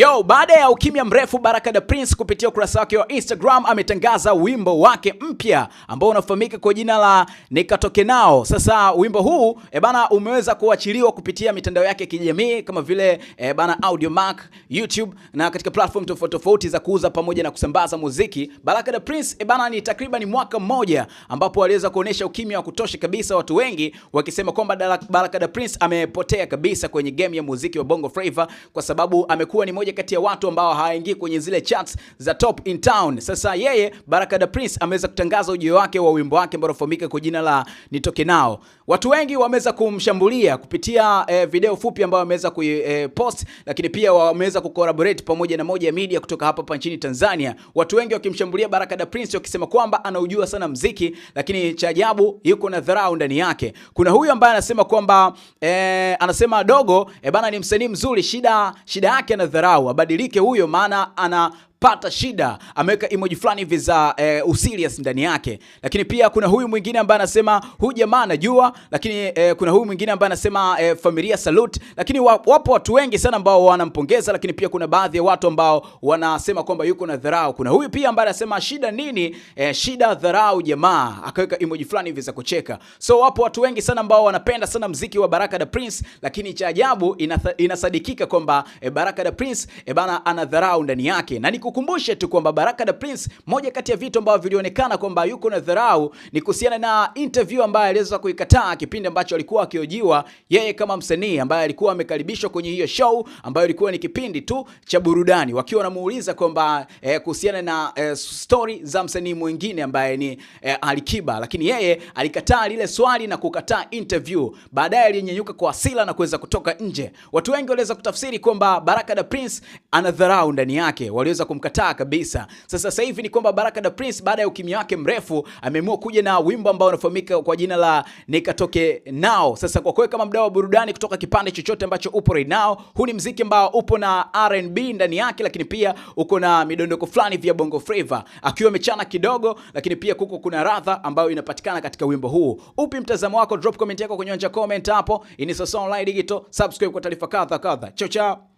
Yo, baada ya ukimya mrefu Baraka da Prince kupitia ukurasa wake wa Instagram ametangaza wimbo wake mpya ambao unafahamika kwa jina la Nikatoke Nao. Sasa wimbo huu e bana umeweza kuachiliwa kupitia mitandao yake ya kijamii kama vile e bana Mac, YouTube na katika platform tofauti tofauti za kuuza pamoja na kusambaza muziki. Baraka da Prince e bana ni takriban mwaka mmoja ambapo aliweza kuonesha ukimya wa kutosha kabisa, watu wengi wakisema kwamba Baraka da Prince amepotea kabisa kwenye game ya muziki wa Bongo Flava kwa sababu amekuwa ni moja mmoja kati ya watu ambao hawaingii kwenye zile charts za top in town. Sasa yeye Baraka da Prince ameweza kutangaza ujio wake wa wimbo wake ambao unafahamika kwa jina la Nitoke Nao. Watu wengi wameweza kumshambulia kupitia eh, video fupi ambayo ameweza kuipost eh, lakini pia wameweza kucollaborate pamoja na moja ya media kutoka hapa hapa nchini Tanzania. Watu wengi wakimshambulia Baraka da Prince wakisema kwamba anaujua sana mziki, lakini cha ajabu yuko na dharau ndani yake. Kuna huyu ambaye anasema kwamba eh, anasema dogo eh, bana ni msanii mzuri, shida shida yake ana wadau, abadilike huyo, maana ana pata shida, ameweka emoji fulani hivi za e, eh, usilias ndani yake. Lakini pia kuna huyu mwingine ambaye anasema huyu jamaa anajua, lakini e, kuna huyu mwingine ambaye anasema e, familia salute. Lakini wapo watu wengi sana ambao wanampongeza, lakini pia kuna baadhi ya watu ambao wanasema kwamba yuko na dharau. Kuna huyu pia ambaye anasema shida nini? E, shida dharau jamaa, akaweka emoji fulani hivi za kucheka. So wapo watu wengi sana ambao wanapenda sana mziki wa Baraka da Prince, lakini cha ajabu inasadikika kwamba e, Baraka da Prince e, bana ana dharau ndani yake na niko nikukumbushe tu kwamba Baraka da Prince, moja kati ya vitu ambavyo vilionekana kwamba yuko na dharau ni kuhusiana na interview ambayo aliweza kuikataa kipindi ambacho alikuwa akiojiwa yeye kama msanii ambaye alikuwa amekaribishwa kwenye hiyo show ambayo ilikuwa ni kipindi tu cha burudani, wakiwa wanamuuliza kwamba eh, kuhusiana na eh, story za msanii mwingine ambaye ni eh, Alikiba, lakini yeye alikataa lile swali na kukataa interview. Baadaye aliyenyanyuka kwa hasira na kuweza kutoka nje. Watu wengi waliweza kutafsiri kwamba Baraka da Prince ana dharau ndani yake, waliweza kum kumkataa kabisa. Sasa sasa hivi ni kwamba Baraka da Prince baada ya ukimya wake mrefu ameamua kuja na wimbo ambao unafahamika kwa jina la Nikatoke Nao. Sasa kwa kweli, kama mdau wa burudani kutoka kipande chochote ambacho upo right now, huu ni mziki ambao upo na R&B ndani yake, lakini pia uko na midondoko fulani vya Bongo Flava akiwa amechana kidogo, lakini pia kuko kuna radha ambayo inapatikana katika wimbo huu. Upi mtazamo wako? Drop comment yako kwenye anja comment hapo. Ini Sasa Online Digital, subscribe kwa taarifa kadha kadha. Chao chao.